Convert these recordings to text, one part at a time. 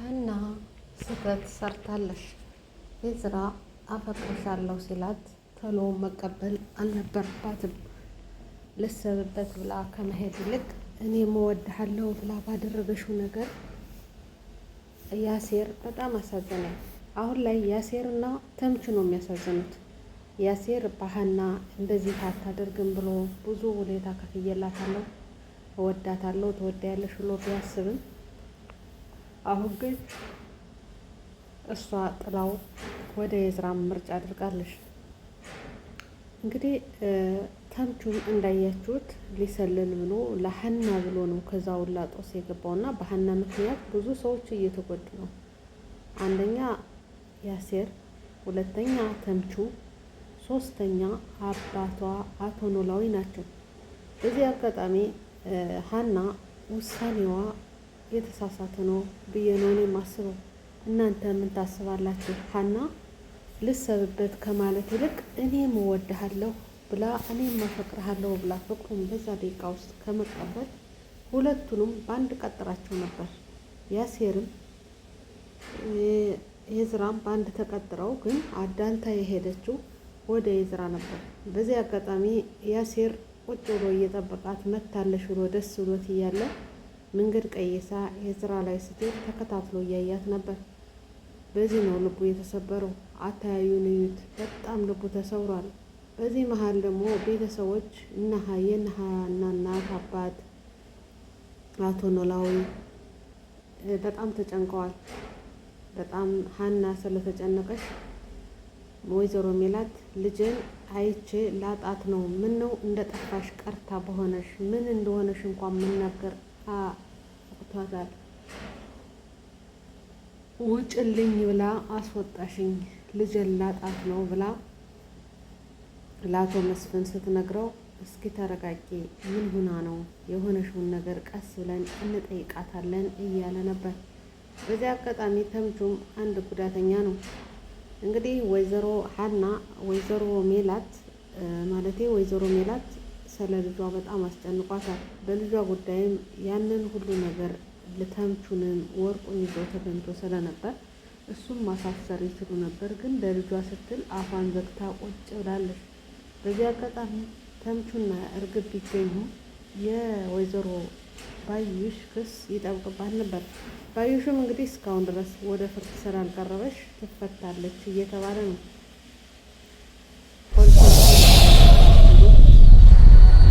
ሀና ስህተት ሰርታለሽ ኤዝራ አፈቅርሻለሁ ሲላት ቶሎ መቀበል አልነበረባትም። ልሰብበት ብላ ከመሄድ ይልቅ እኔ መወድሃለሁ ብላ ባደረገሽው ነገር ያሴር በጣም አሳዘነኝ። አሁን ላይ ያሴር እና ነው የሚያሳዝኑት። ያሴር ባህና እንደዚህ አታደርግም ብሎ ብዙ ሁኔታ ከፍዬላታለሁ፣ እወዳታለሁ፣ ትወዳያለሽ ብሎ ቢያስብም አሁን ግን እሷ ጥላው ወደ የዝራም ምርጫ አድርጋለች። እንግዲህ ተምቹም እንዳያችሁት ሊሰልል ብሎ ለሀና ብሎ ነው ከዛ ውላ ጦስ የገባውና በሀና ምክንያት ብዙ ሰዎች እየተጎዱ ነው። አንደኛ ያሴር፣ ሁለተኛ ተምቹ፣ ሶስተኛ አባቷ አቶ ኖላዊ ናቸው። በዚህ አጋጣሚ ሀና ውሳኔዋ የተሳሳተ ነው ብዬ ነው እኔ የማስበው። እናንተ ምን ታስባላችሁ? ሀና ልሰብበት ከማለት ይልቅ እኔም እወድሃለሁ ብላ እኔም አፈቅርሃለሁ ብላ ፍቅሩን በዛ ደቂቃ ውስጥ ከመቀበል ሁለቱንም በአንድ ቀጥራቸው ነበር። ያሴርም የዝራም በአንድ ተቀጥረው፣ ግን አዳንታ የሄደችው ወደ የዝራ ነበር። በዚህ አጋጣሚ ያሴር ቁጭ ብሎ እየጠበቃት መታለሽ ብሎ ደስ ብሎት እያለ መንገድ ቀይሳ የስራ ላይ ስትሄድ ተከታትሎ እያያት ነበር። በዚህ ነው ልቡ የተሰበረው። አታያዩን እዩት፣ በጣም ልቡ ተሰብሯል። በዚህ መሀል ደግሞ ቤተሰቦች እነሀ የነሀና እናት አባት አቶ ኖላዊ በጣም ተጨንቀዋል። በጣም ሀና ስለተጨነቀች ወይዘሮ ሜላት ልጅን አይቼ ላጣት ነው። ምን ነው እንደ ጠፋሽ ቀርታ በሆነሽ ምን እንደሆነሽ እንኳን ምን ነገር አስወጥቷታል። ውጭልኝ ብላ አስወጣሽኝ ልጄን ላጣት ነው ብላ ለአቶ መስፍን ስትነግረው እስኪ ተረጋጊ፣ ምን ሁና ነው የሆነሽውን ነገር ቀስ ብለን እንጠይቃታለን እያለ ነበር። በዚህ አጋጣሚ ተምቹም አንድ ጉዳተኛ ነው። እንግዲህ ወይዘሮ ሀና ወይዘሮ ሜላት ማለቴ ወይዘሮ ሜላት ስለ ልጇ በጣም አስጨንቋታል። በልጇ ጉዳይም ያንን ሁሉ ነገር ልተምቹንም ወርቁን ተገምቶ ተገኝቶ ስለነበር እሱም ማሳሰር ይችሉ ነበር። ግን ለልጇ ስትል አፏን ዘግታ ቁጭ ብላለች። በዚህ አጋጣሚ ተምቹና እርግብ ቢገኙ የወይዘሮ ባዩሽ ክስ ይጠብቅባት ነበር። ባዩሽም እንግዲህ እስካሁን ድረስ ወደ ፍርድ ስላልቀረበች ትፈታለች እየተባለ ነው።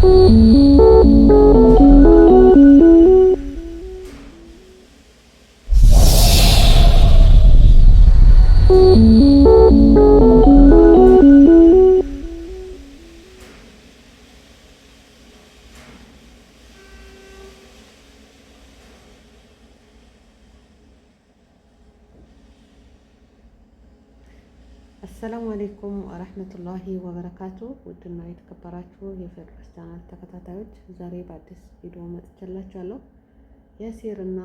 うん。ወራህመቱላሂ ወበረካቱ ውድና የተከበራችሁ የፌርዶስ ቻናል ተከታታዮች ዛሬ በአዲስ ቪዲዮ መጥቼላችኋለሁ። የሴርና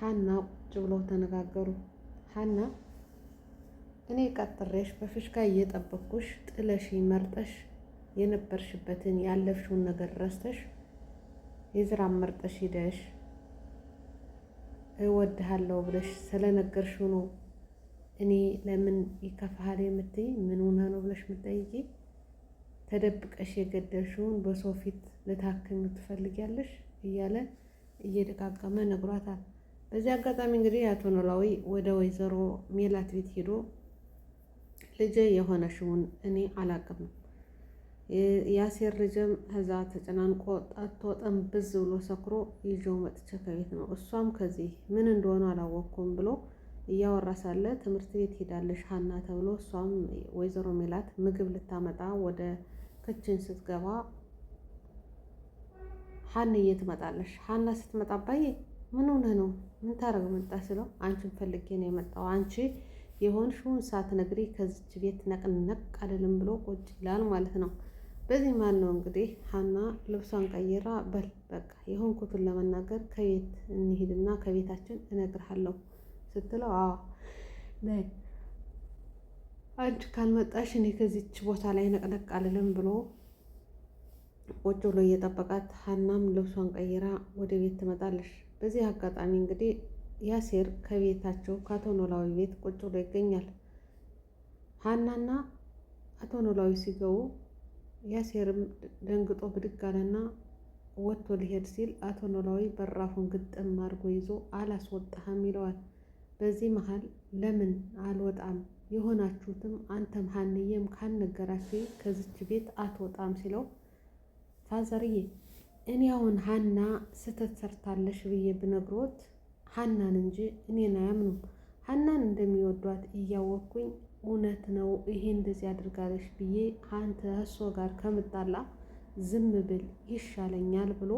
ሀና ቁጭ ብለው ተነጋገሩ። ሀና እኔ ቀጥሬሽ በፍሽካ እየጠበኩሽ ጥለሽ መርጠሽ የነበርሽበትን ያለፍሽውን ነገር ረስተሽ የዝራ መርጠሽ ሂደሽ እወድሃለሁ ብለሽ ስለነገርሽው ነው እኔ ለምን ይከፋሃል የምትይ ምን ሆና ነው ብለሽ የምትጠይቂ ተደብቀሽ የገደልሽውን በሰው ፊት ልታክም ትፈልጊያለሽ እያለ እየደቃቀመ ነግሯታል። በዚህ አጋጣሚ እንግዲህ አቶ ኖላዊ ወደ ወይዘሮ ሜላት ቤት ሄዶ ልጄ የሆነሽውን እኔ አላቅም የአሴር ልጅም ከዛ ተጨናንቆ ጠጥቶ ጠንብዝ ብሎ ሰክሮ ይዤው መጥቼ ከቤት ነው እሷም ከዚህ ምን እንደሆነ አላወቅኩም ብሎ እያወራ ሳለ ትምህርት ቤት ሄዳለሽ ሀና ተብሎ እሷም ወይዘሮ ሜላት ምግብ ልታመጣ ወደ ክችን ስትገባ ሀንዬ ትመጣለሽ። ሀና ስትመጣ አባዬ ምን ሆነህ ነው? ምን ታረግ መጣ ስለው አንቺን ፈልጌ ነው የመጣው አንቺ የሆንሽውን ሳትነግሪ ከዚች ቤት ነቅነቅ አልልም ብሎ ቁጭ ይላል ማለት ነው። በዚህ ማን ነው እንግዲህ ሀና ልብሷን ቀይራ በል በቃ የሆንኩትን ለመናገር ከቤት እንሂድና ከቤታችን እነግርሃለሁ ስትለው አዎ ነይ አንቺ ካልመጣሽ እኔ ከዚች ቦታ ላይ ነቅነቅ አልልም ብሎ ቁጭ ብሎ እየጠበቃት ሀናም ልብሷን ቀይራ ወደ ቤት ትመጣለች። በዚህ አጋጣሚ እንግዲህ ያሴር ከቤታቸው ከአቶ ኖላዊ ቤት ቁጭ ብሎ ይገኛል። ሀናና አቶ ኖላዊ ሲገቡ ያሴርም ደንግጦ ብድግ አለና ወጥቶ ሊሄድ ሲል አቶ ኖላዊ በራፉን ግጥም አድርጎ ይዞ አላስወጣህም ይለዋል። በዚህ መሀል ለምን አልወጣም የሆናችሁትም አንተም ሀንዬም ካልነገራችሁ ከዚች ቤት አትወጣም ሲለው ፋዘርዬ እኔ አሁን ሀና ስህተት ሰርታለሽ ብዬ ብነግሮት ሀናን እንጂ እኔን አያምኑም። ሀናን እንደሚወዷት እያወቅኩኝ እውነት ነው ይሄ እንደዚህ አድርጋለሽ ብዬ አንተ እሷ ጋር ከምጣላ ዝም ብል ይሻለኛል ብሎ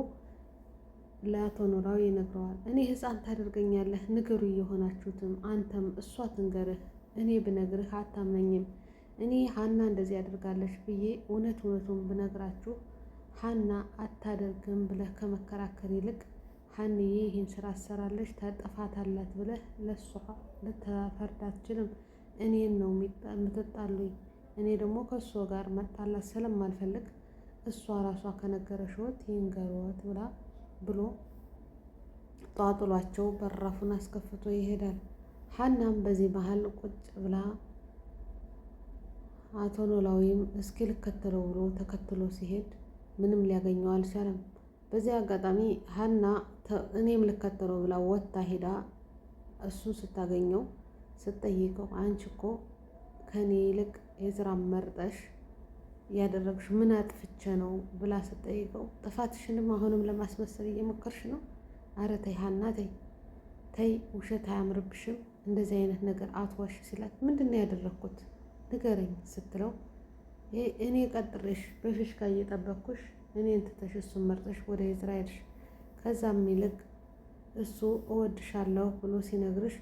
ለአቶ ኖላዊ ይነግረዋል። እኔ ህፃን ታደርገኛለህ ንገሩ የሆናችሁትም አንተም እሷ ትንገርህ፣ እኔ ብነግርህ አታምነኝም። እኔ ሀና እንደዚህ ያደርጋለች ብዬ እውነት እውነቱን ብነግራችሁ ሀና አታደርግም ብለህ ከመከራከር ይልቅ ሀንዬ ይህን ስራ ትሰራለች ታጠፋታላት ብለህ ለሷ ልትፈርድ አትችልም። እኔን ነው የምትጣሉኝ። እኔ ደግሞ ከእሷ ጋር መጣላት ስለማልፈልግ እሷ ራሷ ከነገረሽ ወት ይንገሮት ብላ ብሎ ጧጥሏቸው በራፉን አስከፍቶ ይሄዳል። ሀናም በዚህ መሀል ቁጭ ብላ አቶ ኖላዊም እስኪ ልከተለው ብሎ ተከትሎ ሲሄድ ምንም ሊያገኘው አልቻለም። በዚህ አጋጣሚ ሀና እኔም ልከተለው ብላ ወጥታ ሄዳ እሱን ስታገኘው ስትጠይቀው አንቺ እኮ ከእኔ ይልቅ የስራ መርጠሽ ያደረግሽ ምን አጥፍቼ ነው ብላ ስጠይቀው ጥፋትሽንም አሁንም ለማስመሰል እየሞከርሽ ነው። አረ ተይ ሀና ተይ ተይ፣ ውሸት አያምርብሽም፣ እንደዚህ አይነት ነገር አትዋሽ ሲላት ምንድን ነው ያደረግኩት ንገረኝ ስትለው እኔ ቀጥሬሽ ጋር እየጠበኩሽ እኔን ትተሽ እሱን መርጠሽ ወደ ኤርትራ ሄድሽ። ከዛም ይልቅ እሱ እወድሻለሁ ብሎ ሲነግርሽ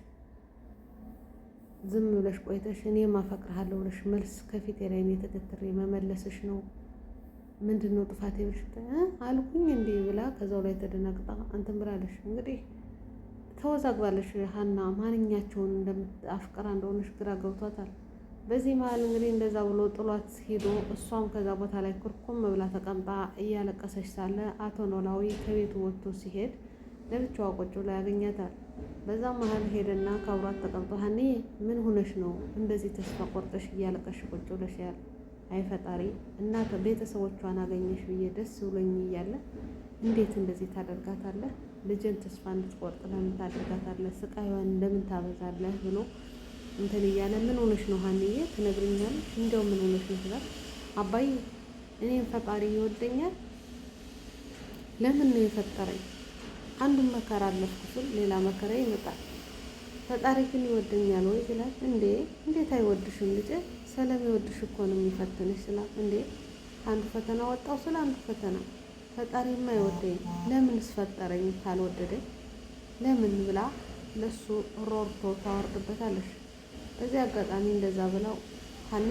ዝም ብለሽ ቆይተሽ እኔ አፈቅርሃለሁ ብለሽ መልስ ከፊቴ ላይ እኔ መመለስሽ ነው ምንድን ነው ጥፋቴ አልኩኝ እንዲህ ብላ ከዛው ላይ ተደናግጣ እንትን ብላለሽ። እንግዲህ ተወዛግባለሽ ሀና ማንኛቸውን እንደምታፍቅራ እንደሆነሽ ግራ ገብቷታል። በዚህ መሀል እንግዲህ እንደዛ ብሎ ጥሏት ሄዶ እሷም ከዛ ቦታ ላይ ኩርኩም ብላ ተቀምጣ እያለቀሰች ሳለ አቶ ኖላዊ ከቤቱ ወጥቶ ሲሄድ ለብቻዋ ቁጭ ብላ ያገኛታል። በዛ መሀል ሄደና ከአብሯት ተቀምጦ ምን ሆነሽ ነው እንደዚህ ተስፋ ቆርጠሽ እያለቀሽ ቁጭ ብለሽ ያለ እና ቤተሰቦቿን አገኘሽ ብዬ ደስ ብሎኝ እያለ እንዴት እንደዚህ ታደርጋታለህ? ልጅን ተስፋ እንድትቆርጥ ለምን ታደርጋታለህ? ስቃይዋን ለምን ታበዛለህ? ብሎ እንትን እያለ ምን ሆነሽ ነው ሀኒዬ ትነግሪኛለሽ? እንዲያው ምን ሆነሽ ነው ትላል። አባዬ እኔም ፈጣሪ ይወደኛል ለምን ነው የፈጠረኝ አንዱን መከራ አለፍኩ ስል ሌላ መከራ ይመጣል። ፈጣሪ ግን ይወደኛል ወይ ስላት፣ እንዴ እንዴት አይወድሽም ልጄ፣ ስለሚወድሽ እኮ ነው የሚፈትንሽ ስላት፣ እንዴ አንዱ ፈተና ወጣው ስለ አንዱ ፈተና ፈጣሪ የማይወደኝ ለምን ስፈጠረኝ ካልወደደኝ ለምን ብላ ለሱ ሮርቶ ታወርድበታለሽ። በዚህ አጋጣሚ እንደዛ ብለው ሀኒ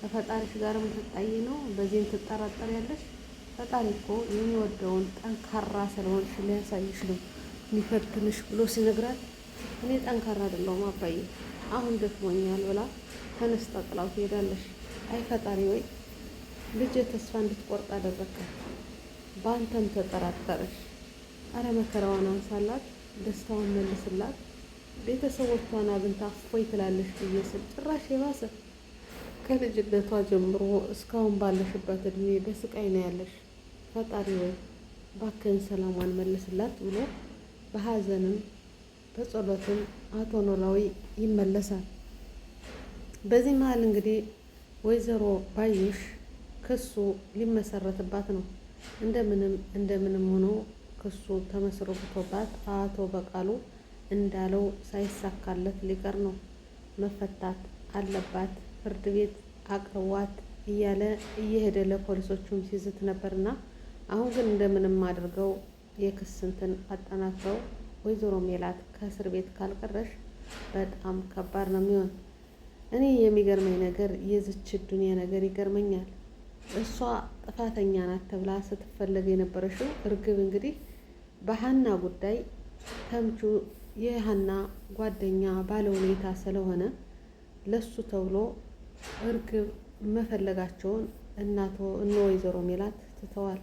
ከፈጣሪሽ ጋርም ትጣይ ነው በዚህም ትጠራጠር ያለሽ ፈጣሪ እኮ የሚወደውን ጠንካራ ስለሆንሽ ሊያሳይሽ ነው የሚፈትንሽ ብሎ ሲነግራት እኔ ጠንካራ አይደለሁም አባዬ አሁን ደክሞኛል ብላ ተነስታ ጥላው ትሄዳለሽ። አይ ፈጣሪ ወይ ልጅ ተስፋ እንድትቆርጥ አደረከ፣ በአንተም ተጠራጠረች። አረ መከራዋን አንሳላት፣ ደስታዋን መልስላት፣ ቤተሰቦቿን አብንታ ፎይ ትላለሽ ብዬ ስል ጭራሽ የባሰ ከልጅነቷ ጀምሮ እስካሁን ባለሽበት እድሜ በስቃይ ነው ያለሽ። ፈጣሪ ወይ ባክህን ሰላሟን መልስላት ብሎ በሀዘንም በጸሎትም አቶ ኖላዊ ይመለሳል። በዚህ መሀል እንግዲህ ወይዘሮ ባዩሽ ክሱ ሊመሰረትባት ነው። እንደምንም እንደምንም ሆኖ ክሱ ተመስርቶባት አቶ በቃሉ እንዳለው ሳይሳካለት ሊቀር ነው። መፈታት አለባት ፍርድ ቤት አቅርቧት እያለ እየሄደ ለፖሊሶቹም ሲዝት ነበርና አሁን ግን እንደምንም አድርገው የክስ እንትን አጠናክረው ወይዘሮ ሜላት ከእስር ቤት ካልቀረሽ በጣም ከባድ ነው የሚሆን። እኔ የሚገርመኝ ነገር የዝች ዱኒያ ነገር ይገርመኛል። እሷ ጥፋተኛ ናት ተብላ ስትፈለግ የነበረችው እርግብ እንግዲህ በሀና ጉዳይ ተምቹ የሀና ጓደኛ ባለ ሁኔታ ስለሆነ ለሱ ተብሎ እርግብ መፈለጋቸውን እናቶ እነ ወይዘሮ ሜላት ትተዋል።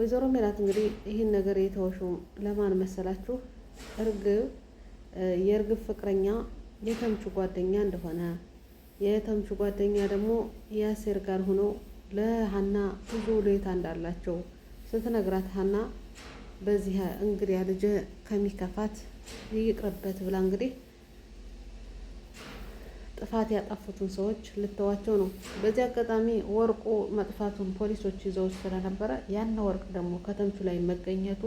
ወይዘሮ ሜላት እንግዲህ ይህን ነገር የተወሹም ለማን መሰላችሁ? እርግብ የእርግብ ፍቅረኛ የተምቹ ጓደኛ እንደሆነ የተምቹ ጓደኛ ደግሞ የአሴር ጋር ሆኖ ለሀና ብዙ ሁኔታ እንዳላቸው ስትነግራት ሀና በዚህ እንግዲያ ልጅ ከሚከፋት ይቅርበት ብላ እንግዲህ ጥፋት ያጠፉትን ሰዎች ልተዋቸው ነው። በዚህ አጋጣሚ ወርቁ መጥፋቱን ፖሊሶች ይዘው ስለነበረ ያን ወርቅ ደግሞ ከተምቹ ላይ መገኘቱ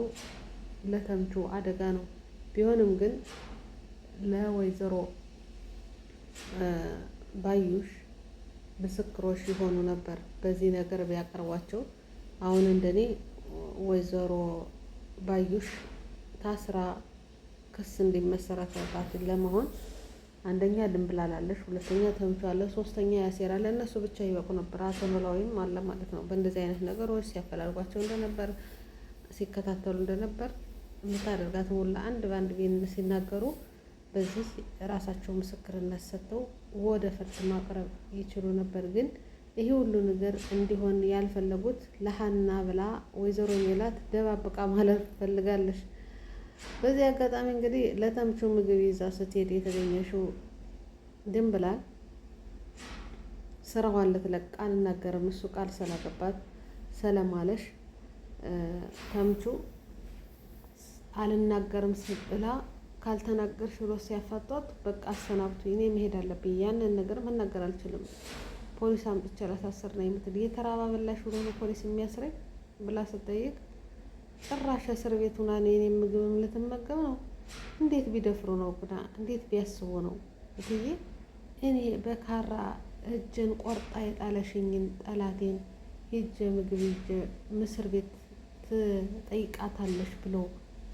ለተምቹ አደጋ ነው። ቢሆንም ግን ለወይዘሮ ባዩሽ ምስክሮች ይሆኑ ነበር። በዚህ ነገር ቢያቀርቧቸው አሁን እንደኔ ወይዘሮ ባዩሽ ታስራ ክስ እንዲመሰረተባት ለመሆን አንደኛ ድንብላል አለሽ፣ ሁለተኛ ተምቹ አለ፣ ሶስተኛ ያሴር አለ። እነሱ ብቻ ይበቁ ነበር። አቶ ኖላዊም አለ ማለት ነው። በእንደዚህ አይነት ነገሮች ሲያፈላልጓቸው እንደነበር ሲከታተሉ እንደነበር የምታደርጋት ሁላ አንድ በአንድ ቤን ሲናገሩ በዚህ ራሳቸው ምስክርነት ሰጥተው ወደ ፍርድ ማቅረብ ይችሉ ነበር። ግን ይሄ ሁሉ ነገር እንዲሆን ያልፈለጉት ለሀና ብላ ወይዘሮ ሜላት ደባብቃ ማለት ትፈልጋለሽ። በዚህ አጋጣሚ እንግዲህ ለተምቹ ምግብ ይዛ ስትሄድ የተገኘሽው ድንብላል ስራዋን ልትለቅ አንናገርም እሱ ቃል ስላገባት ስለማለሽ ተምቹ አልናገርም ብላ ካልተናገርሽ ብሎ ሲያፋጧት በቃ አሰናብቱ፣ እኔ መሄድ አለብኝ፣ ያንን ነገር መናገር አልችልም፣ ፖሊስ አምጥቼ ላሳስር ነው የምትል እየተራባ በላሽ ብሎ ፖሊስ የሚያስረኝ ብላ ስጠይቅ ጭራሽ እስር ቤት ሆና ነው የኔ ምግብም ልትመገብ ነው። እንዴት ቢደፍሩ ነው ጉዳ፣ እንዴት ቢያስቡ ነው እትዬ። እኔ በካራ እጅን ቆርጣ የጣለሽኝን ጠላቴን ሂጄ ምግብ ሂጄ ምስር ቤት ትጠይቃታለሽ ብሎ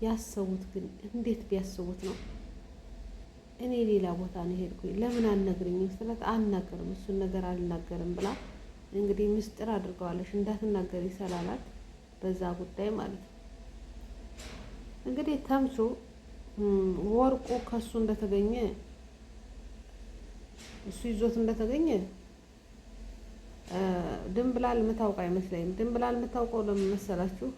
ያሰቡት ግን እንዴት ቢያስቡት ነው? እኔ ሌላ ቦታ ነው ሄድኩኝ። ለምን አልነግርኝም ስላት አልናገርም፣ እሱን ነገር አልናገርም ብላ እንግዲህ ምስጢር አድርገዋለሽ እንዳትናገር ይሰላላት በዛ ጉዳይ ማለት ነው። እንግዲህ ተምቹ ወርቁ ከሱ እንደተገኘ እሱ ይዞት እንደተገኘ ድንብላል የምታውቅ አይመስለኝም። ድንብላል የምታውቀው ለምን መሰላችሁ?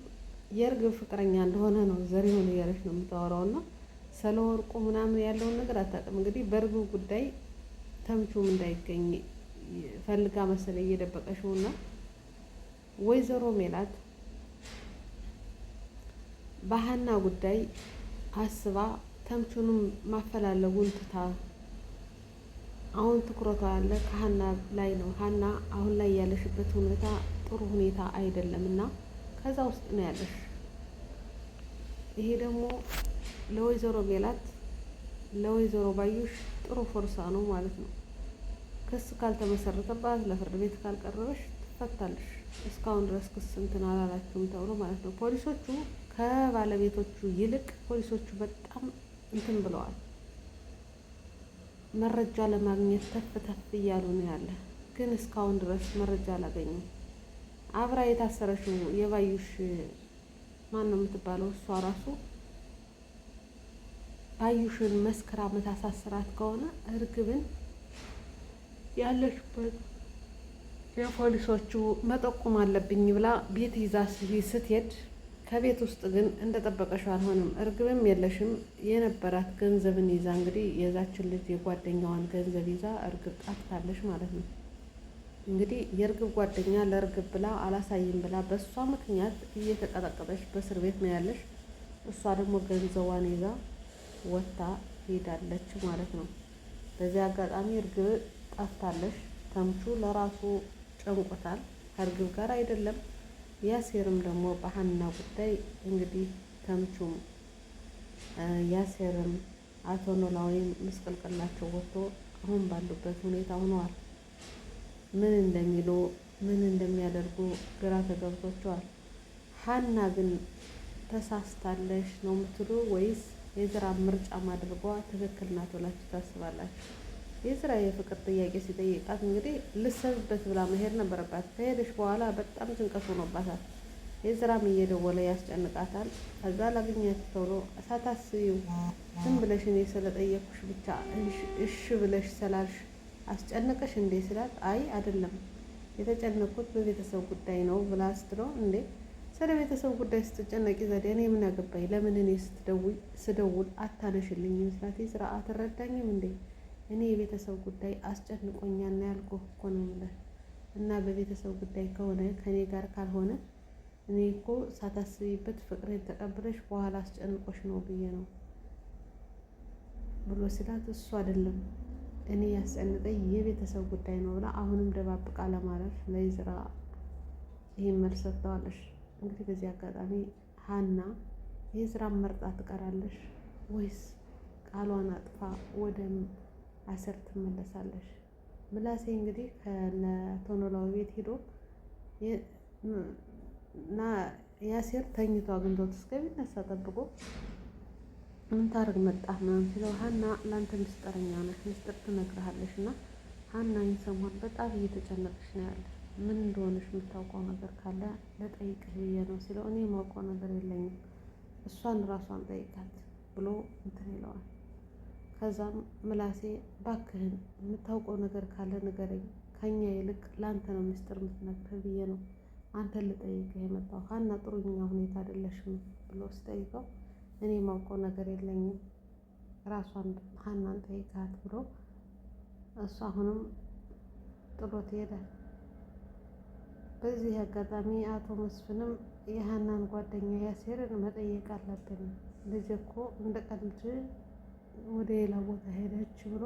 የእርግብ ፍቅረኛ እንደሆነ ነው። ዘሪሁን እያለች ነው የምታወራው እና ስለ ወርቁ ምናምን ያለውን ነገር አታውቅም። እንግዲህ በእርግብ ጉዳይ ተምቹም እንዳይገኝ ፈልጋ መሰለ እየደበቀሽው እና ወይዘሮ ሜላት በሀና ጉዳይ አስባ ተምቹንም ማፈላለጉን ትታ አሁን ትኩረቷ ያለ ከሀና ላይ ነው። ሀና አሁን ላይ ያለሽበት ሁኔታ ጥሩ ሁኔታ አይደለም እና ከዛ ውስጥ ነው ያለሽ። ይሄ ደግሞ ለወይዘሮ ሜላት ለወይዘሮ ባዩሽ ጥሩ ፎርሳ ነው ማለት ነው። ክስ ካልተመሰረተባት ለፍርድ ቤት ካልቀረበሽ ትፈታለሽ። እስካሁን ድረስ ክስ እንትን አላላችሁም ተብሎ ማለት ነው ፖሊሶቹ ከባለቤቶቹ ይልቅ ፖሊሶቹ በጣም እንትን ብለዋል። መረጃ ለማግኘት ተፍ ተፍ እያሉ ነው ያለ። ግን እስካሁን ድረስ መረጃ አላገኙም። አብራ የታሰረችው የባዩሽ ማን ነው የምትባለው? እሷ ራሱ ባዩሽን መስክራ መታሳስራት ከሆነ እርግብን ያለሽበት የፖሊሶቹ መጠቆም አለብኝ ብላ ቤት ይዛ ስትሄድ ከቤት ውስጥ ግን እንደጠበቀሽው አልሆነም። እርግብም የለሽም። የነበራት ገንዘብን ይዛ እንግዲህ የዛችን ልጅ የጓደኛዋን ገንዘብ ይዛ እርግብ ጣፍታለሽ ማለት ነው። እንግዲህ የእርግብ ጓደኛ ለእርግብ ብላ አላሳይም ብላ በእሷ ምክንያት እየተቀጠቀጠች በእስር ቤት ነው ያለሽ። እሷ ደግሞ ገንዘቧን ይዛ ወጥታ ሄዳለች ማለት ነው። በዚህ አጋጣሚ እርግብ ጣፍታለሽ። ተምቹ ለራሱ ጨንቆታል። ከእርግብ ጋር አይደለም ያሴርም ደግሞ በሀና ጉዳይ እንግዲህ ተምቹም ያሴርም አቶ ኖላዊም ምስቅልቅላቸው ወጥቶ አሁን ባሉበት ሁኔታ ሆነዋል። ምን እንደሚሉ ምን እንደሚያደርጉ ግራ ተገብቶቸዋል። ሀና ግን ተሳስታለሽ ነው የምትሉ ወይስ የስራ ምርጫ ማድረጓ ትክክል ናት ብላችሁ ታስባላችሁ? የስራ የፍቅር ጥያቄ ሲጠይቃት እንግዲህ ልሰብበት ብላ መሄድ ነበረባት። ከሄደች በኋላ በጣም ጭንቀት ሆኖባታል። የስራም እየደወለ ያስጨንቃታል። ከዛ ላገኛት ቶሎ ሳታስቢው ዝም ብለሽ እኔ ስለጠየኩሽ ብቻ እሽ ብለሽ ስላልሽ አስጨነቀሽ እንዴ ስላት፣ አይ አይደለም የተጨነኩት በቤተሰብ ጉዳይ ነው ብላ ስትለው፣ እንዴ ስለ ቤተሰብ ጉዳይ ስትጨነቂ ዘዴ እኔ ምን አገባኝ? ለምን እኔ ስትደውል ስደውል ስላት፣ ስራ አትረዳኝም እንዴ እኔ የቤተሰብ ጉዳይ አስጨንቆኛና ያልኩህ እኮ ነው የምልህ። እና በቤተሰብ ጉዳይ ከሆነ ከእኔ ጋር ካልሆነ እኔ እኮ ሳታስቢበት ፍቅሬን ተቀብለሽ በኋላ አስጨንቆሽ ነው ብዬ ነው ብሎ ሲላት እሱ አይደለም እኔ ያስጨንቀኝ የቤተሰብ ጉዳይ ነው ብላ አሁንም ደባብቃ ለማለፍ ለይዝራ ይህን መልስ ሰጥተዋለሽ። እንግዲህ በዚህ አጋጣሚ ሀና የይዝራን መርጣ ትቀራለሽ ወይስ ቃሏን አጥፋ ወደ አስር ትመለሳለሽ። ምላሴ እንግዲህ ከነ ቶኖላዊ ቤት ሄዶ እና ያሴር ተኝቶ አግኝቶት እስከሚነሳ ጠብቆ ምን ታደርግ መጣ ምናምን ሲለው ሀና ለአንተ ምስጢረኛ ነች፣ ምስጢር ትነግርሃለሽ እና ሀና ይህን በጣም እየተጨነቅሽ ነው ያለ ምን እንደሆነሽ የምታውቀው ነገር ካለ ለጠይቅህ ብዬ ነው ሲለው እኔ የማውቀው ነገር የለኝም እሷን ራሷን ጠይቃት ብሎ እንትን ይለዋል። ከዛም ምላሴ ባክህን የምታውቀው ነገር ካለ ንገረኝ፣ ከኛ ይልቅ ለአንተ ነው ምስጢር የምትነግርህ ብዬ ነው አንተን ልጠይቅህ የመጣው ሀና ጥሩኛ ሁኔታ አይደለሽም ብሎ ስጠይቀው እኔ የማውቀው ነገር የለኝም ራሷን ሀናን ጠይቃት ብሎ እሱ አሁንም ጥሎት ይሄዳል። በዚህ አጋጣሚ አቶ መስፍንም የሀናን ጓደኛ ያሴርን መጠየቅ አለብን ልጅ እኮ እንደ ቀልድ ወደ ሌላ ቦታ ሄደች ብሎ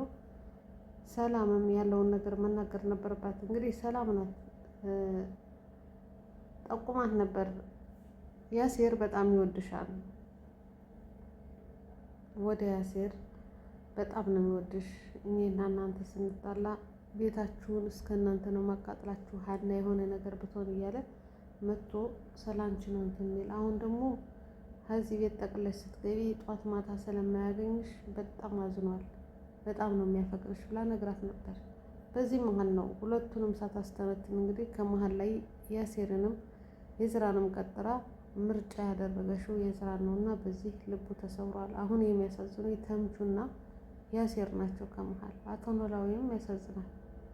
ሰላምም ያለውን ነገር መናገር ነበረባት። እንግዲህ ሰላም ናት ጠቁማት ነበር። ያሴር በጣም ይወድሻል፣ ወደ ያሴር በጣም ነው የሚወድሽ። እኔና እናንተ ስንጣላ ቤታችሁን እስከ እናንተ ነው ማቃጥላችሁ፣ ሀና የሆነ ነገር ብትሆን እያለ መጥቶ ስላንቺ ነው እንትን የሚል አሁን ደግሞ ከዚህ ቤት ጠቅለሽ ስትገቢ ጧት ማታ ስለማያገኝሽ በጣም አዝኗል፣ በጣም ነው የሚያፈቅርሽ ብላ ነግራት ነበር። በዚህ መሀል ነው ሁለቱንም ሳታስተነትን እንግዲህ ከመሀል ላይ ያሴርንም የዝራንም ቀጥራ ምርጫ ያደረገሽው የስራ ነው እና በዚህ ልቡ ተሰብሯል። አሁን የሚያሳዝኑ ተምቹና ያሴር ናቸው። ከመሀል አቶ ኖላዊም ያሳዝናል።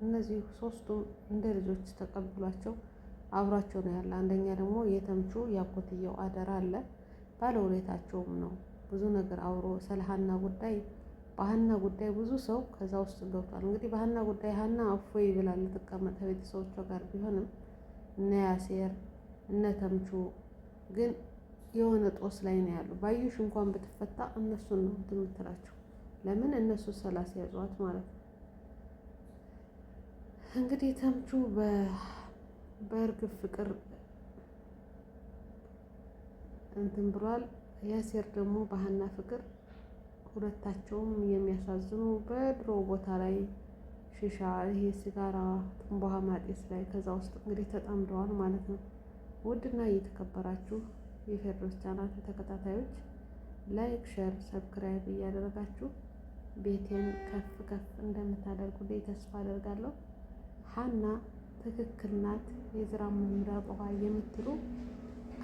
እነዚህ ሶስቱም እንደ ልጆች ተቀብሏቸው አብሯቸው ነው ያለ። አንደኛ ደግሞ የተምቹ ያኮትየው አደራ አለ ባለውለታቸውም ነው። ብዙ ነገር አውሮ ስለ ሀና ጉዳይ በሀና ጉዳይ ብዙ ሰው ከዛ ውስጥ ገብቷል። እንግዲህ በሀና ጉዳይ ሀና እፎይ ብላ ልትቀመጥ ከቤተሰቦቿ ጋር ቢሆንም እነ ያሴር እነ ተምቹ ግን የሆነ ጦስ ላይ ነው ያሉ። ባዩሽ እንኳን ብትፈታ እነሱን ነው የምትላቸው። ለምን እነሱ ሰላስ ያዟት ማለት ነው። እንግዲህ ተምቹ በእርግብ ፍቅር እንትን ብሏል። ያሴር ደግሞ ባህና ፍቅር ሁለታቸውም የሚያሳዝኑ በድሮ ቦታ ላይ ሽሻ፣ ይሄ ሲጋራ ጥንቧሃ ማጤስ ላይ ከዛ ውስጥ እንግዲህ ተጠምደዋል ማለት ነው። ውድና እየተከበራችሁ የፌርዶስ ቻናል ተከታታዮች ላይክ፣ ሸር፣ ሰብስክራይብ እያደረጋችሁ ቤቴን ከፍ ከፍ እንደምታደርጉ ተስፋ አደርጋለሁ። ሀና ትክክል ናት የዝራ መምሪያ የምትሉ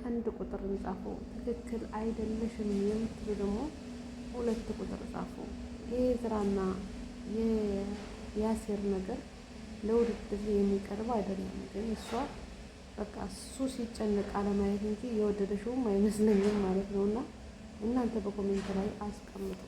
አንድ ቁጥር እንጻፉ። ትክክል አይደለሽም የምትሉ ደግሞ ሁለት ቁጥር ጻፉ። የዝራና የያሴር ነገር ለውድድር የሚቀርብ አይደለም። ግን እሷ በቃ እሱ ሲጨነቅ አለማየት እንጂ የወደደሽውም አይመስለኝም ማለት ነው። እና እናንተ በኮሜንት ላይ አስቀምጡ።